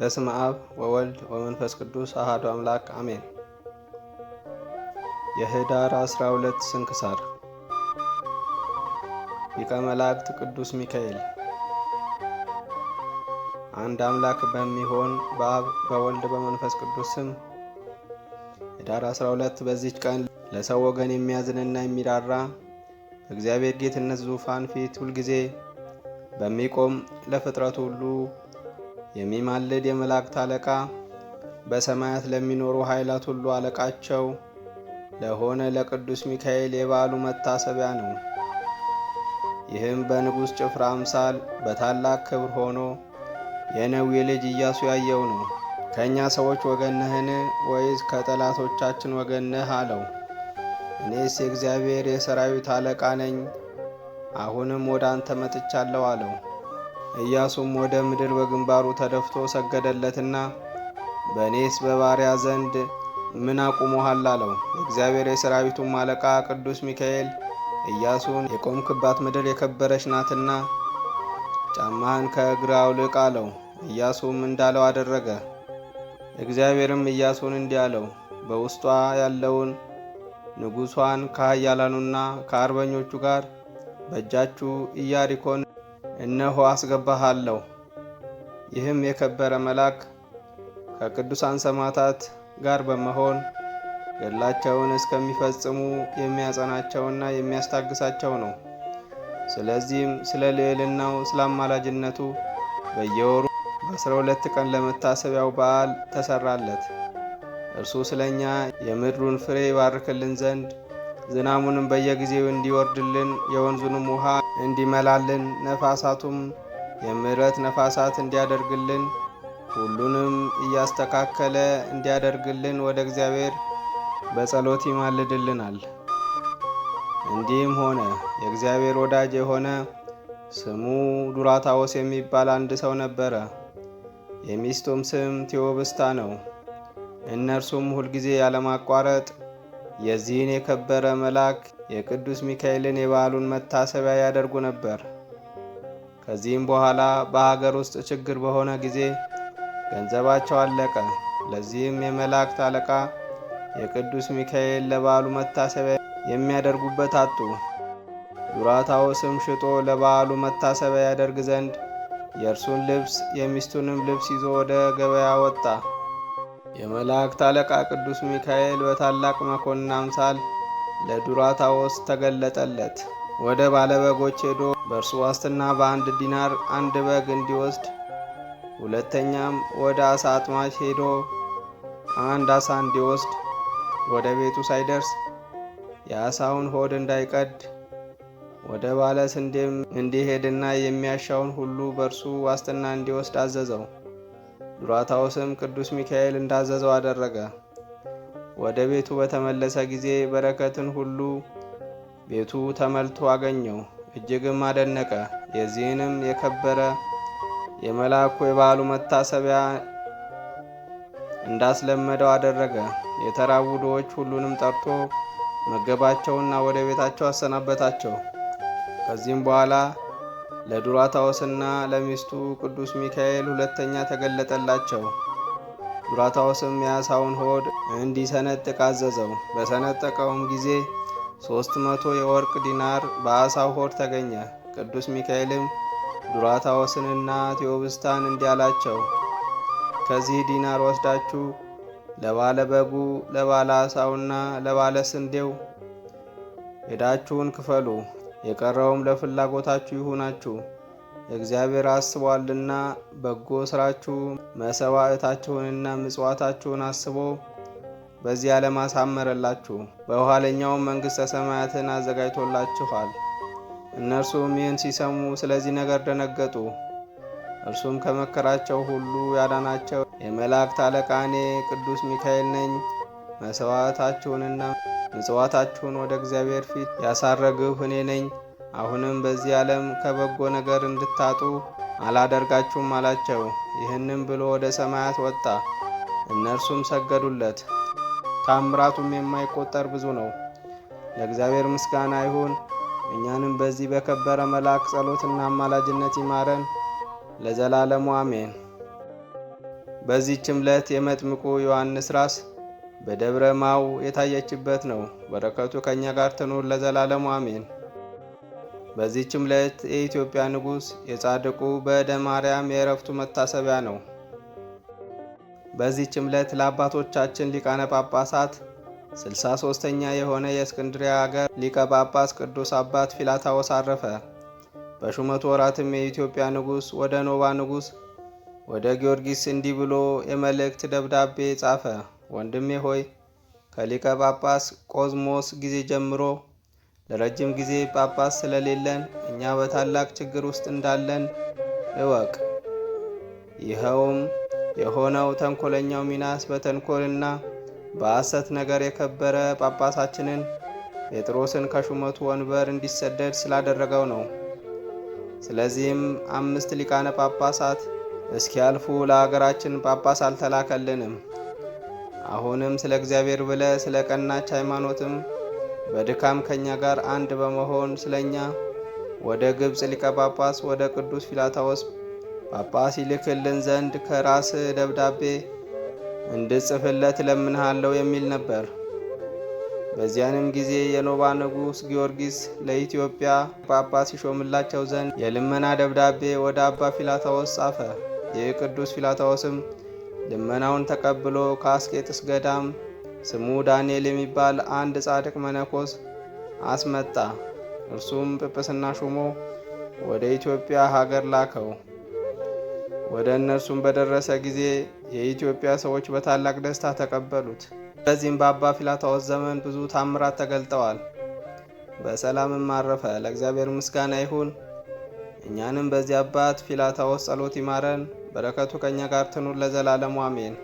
በስም አብ ወወልድ ወመንፈስ ቅዱስ አሐዱ አምላክ አሜን። የኅዳር 12 ስንክሳር ሊቀ መላእክት ቅዱስ ሚካኤል። አንድ አምላክ በሚሆን በአብ በወልድ በመንፈስ ቅዱስ ስም ኅዳር 12 በዚች ቀን ለሰው ወገን የሚያዝንና የሚራራ በእግዚአብሔር ጌትነት ዙፋን ፊት ሁልጊዜ በሚቆም ለፍጥረቱ ሁሉ የሚማልድ የመላእክት አለቃ በሰማያት ለሚኖሩ ኃይላት ሁሉ አለቃቸው ለሆነ ለቅዱስ ሚካኤል የበዓሉ መታሰቢያ ነው። ይህም በንጉሥ ጭፍራ አምሳል በታላቅ ክብር ሆኖ የነዌ ልጅ ኢያሱ ያየው ነው። ከእኛ ሰዎች ወገን ነህን? ወይስ ከጠላቶቻችን ወገን ነህ አለው። እኔስ የእግዚአብሔር የሰራዊት አለቃ ነኝ፣ አሁንም ወደ አንተ መጥቻለሁ አለው። ኢያሱም ወደ ምድር በግንባሩ ተደፍቶ ሰገደለትና በእኔስ በባሪያ ዘንድ ምን አቁሞሃል አለው። እግዚአብሔር የሰራዊቱም አለቃ ቅዱስ ሚካኤል ኢያሱን የቆምክባት ምድር የከበረች ናትና ጫማህን ከእግር አውልቅ አለው። ኢያሱም እንዳለው አደረገ። እግዚአብሔርም ኢያሱን እንዲህ አለው፣ በውስጧ ያለውን ንጉሷን ከኃያላኑና ከአርበኞቹ ጋር በእጃችሁ ኢያሪኮን እነሆ አስገባሃለሁ። ይህም የከበረ መልአክ ከቅዱሳን ሰማዕታት ጋር በመሆን ገድላቸውን እስከሚፈጽሙ የሚያጸናቸውና የሚያስታግሳቸው ነው። ስለዚህም ስለ ልዕልናው ስለ አማላጅነቱ በየወሩ በአስራ ሁለት ቀን ለመታሰቢያው በዓል ተሰራለት። እርሱ ስለ እኛ የምድሩን ፍሬ ይባርክልን ዘንድ ዝናሙንም በየጊዜው እንዲወርድልን የወንዙንም ውሃ እንዲመላልን ነፋሳቱም የምሕረት ነፋሳት እንዲያደርግልን ሁሉንም እያስተካከለ እንዲያደርግልን ወደ እግዚአብሔር በጸሎት ይማልድልናል። እንዲህም ሆነ። የእግዚአብሔር ወዳጅ የሆነ ስሙ ዱራታዎስ የሚባል አንድ ሰው ነበረ። የሚስቱም ስም ቴዎብስታ ነው። እነርሱም ሁልጊዜ ያለማቋረጥ የዚህን የከበረ መልአክ የቅዱስ ሚካኤልን የበዓሉን መታሰቢያ ያደርጉ ነበር። ከዚህም በኋላ በሀገር ውስጥ ችግር በሆነ ጊዜ ገንዘባቸው አለቀ። ለዚህም የመላእክት አለቃ የቅዱስ ሚካኤል ለበዓሉ መታሰቢያ የሚያደርጉበት አጡ። ስም ሽጦ ለበዓሉ መታሰቢያ ያደርግ ዘንድ የእርሱን ልብስ የሚስቱንም ልብስ ይዞ ወደ ገበያ ወጣ። የመላእክት አለቃ ቅዱስ ሚካኤል በታላቅ መኮንን አምሳል ለዱራታዎስ ተገለጠለት። ወደ ባለበጎች ሄዶ በእርሱ ዋስትና በአንድ ዲናር አንድ በግ እንዲወስድ፣ ሁለተኛም ወደ አሳ አጥማች ሄዶ አንድ አሳ እንዲወስድ፣ ወደ ቤቱ ሳይደርስ የአሳውን ሆድ እንዳይቀድ፣ ወደ ባለ ስንዴም እንዲሄድና የሚያሻውን ሁሉ በእርሱ ዋስትና እንዲወስድ አዘዘው። ስም ቅዱስ ሚካኤል እንዳዘዘው አደረገ። ወደ ቤቱ በተመለሰ ጊዜ በረከትን ሁሉ ቤቱ ተመልቶ አገኘው። እጅግም አደነቀ። የዚህንም የከበረ የመልአኩ የበዓሉ መታሰቢያ እንዳስለመደው አደረገ። የተራቡ ድሆች ሁሉንም ጠርቶ መገባቸውና ወደ ቤታቸው አሰናበታቸው። ከዚህም በኋላ ለዱራታዎስና ለሚስቱ ቅዱስ ሚካኤል ሁለተኛ ተገለጠላቸው። ዱራታዎስም የአሳውን ሆድ እንዲሰነጥቅ አዘዘው። በሰነጠቀውም ጊዜ ሶስት መቶ የወርቅ ዲናር በአሳው ሆድ ተገኘ። ቅዱስ ሚካኤልም ዱራታዎስንና ቴዎብስታን እንዲያላቸው። ከዚህ ዲናር ወስዳችሁ ለባለ በጉ ለባለ አሳውና ለባለ ስንዴው ሄዳችሁን ክፈሉ የቀረውም ለፍላጎታችሁ ይሁናችሁ። እግዚአብሔር አስቧልና በጎ ስራችሁ መሰዋዕታችሁንና ምጽዋታችሁን አስቦ በዚህ ዓለም አሳመረላችሁ፣ በኋለኛውም መንግሥተ ሰማያትን አዘጋጅቶላችኋል። እነርሱም ይህን ሲሰሙ ስለዚህ ነገር ደነገጡ። እርሱም ከመከራቸው ሁሉ ያዳናቸው የመላእክት አለቃ እኔ ቅዱስ ሚካኤል ነኝ መሥዋዕታችሁንና ምጽዋታችሁን ወደ እግዚአብሔር ፊት ያሳረግሁ እኔ ነኝ። አሁንም በዚህ ዓለም ከበጎ ነገር እንድታጡ አላደርጋችሁም አላቸው። ይህንም ብሎ ወደ ሰማያት ወጣ፣ እነርሱም ሰገዱለት። ታምራቱም የማይቆጠር ብዙ ነው። ለእግዚአብሔር ምስጋና ይሁን። እኛንም በዚህ በከበረ መልአክ ጸሎትና አማላጅነት ይማረን ለዘላለሙ አሜን። በዚህ ዕለት የመጥምቁ ዮሐንስ ራስ በደብረ ማው የታየችበት ነው። በረከቱ ከእኛ ጋር ትኑር ለዘላለሙ አሜን። በዚህችም ዕለት የኢትዮጵያ ንጉሥ የጻድቁ በእደ ማርያም የእረፍቱ መታሰቢያ ነው። በዚህችም ዕለት ለአባቶቻችን ሊቃነ ጳጳሳት ስልሳ ሶስተኛ የሆነ የእስክንድሪያ አገር ሊቀ ጳጳስ ቅዱስ አባት ፊላታዎስ አረፈ። በሹመቱ ወራትም የኢትዮጵያ ንጉሥ ወደ ኖባ ንጉሥ ወደ ጊዮርጊስ እንዲህ ብሎ የመልእክት ደብዳቤ ጻፈ። ወንድሜ ሆይ ከሊቀ ጳጳስ ቆዝሞስ ጊዜ ጀምሮ ለረጅም ጊዜ ጳጳስ ስለሌለን እኛ በታላቅ ችግር ውስጥ እንዳለን እወቅ። ይኸውም የሆነው ተንኮለኛው ሚናስ በተንኮልና በሐሰት ነገር የከበረ ጳጳሳችንን ጴጥሮስን ከሹመቱ ወንበር እንዲሰደድ ስላደረገው ነው። ስለዚህም አምስት ሊቃነ ጳጳሳት እስኪያልፉ ለአገራችን ጳጳስ አልተላከልንም። አሁንም ስለ እግዚአብሔር ብለ ስለ ቀናች ሃይማኖትም በድካም ከእኛ ጋር አንድ በመሆን ስለ እኛ ወደ ግብፅ ሊቀ ጳጳስ ወደ ቅዱስ ፊላታዎስ ጳጳስ ይልክልን ዘንድ ከራስ ደብዳቤ እንድጽፍለት እለምንሃለሁ የሚል ነበር። በዚያንም ጊዜ የኖባ ንጉሥ ጊዮርጊስ ለኢትዮጵያ ጳጳስ ይሾምላቸው ዘንድ የልመና ደብዳቤ ወደ አባ ፊላታዎስ ጻፈ። የቅዱስ ፊላታዎስም ልመናውን ተቀብሎ ከአስቄጥስ ገዳም ስሙ ዳንኤል የሚባል አንድ ጻድቅ መነኮስ አስመጣ። እርሱም ጵጵስና ሹሞ ወደ ኢትዮጵያ ሀገር ላከው። ወደ እነርሱም በደረሰ ጊዜ የኢትዮጵያ ሰዎች በታላቅ ደስታ ተቀበሉት። በዚህም በአባ ፊላታዎስ ዘመን ብዙ ታምራት ተገልጠዋል። በሰላምም አረፈ። ለእግዚአብሔር ምስጋና ይሁን። እኛንም በዚህ አባት ፊላታዎስ ጸሎት ይማረን በረከቱ ከእኛ ጋር ትኑር ለዘላለሙ አሜን።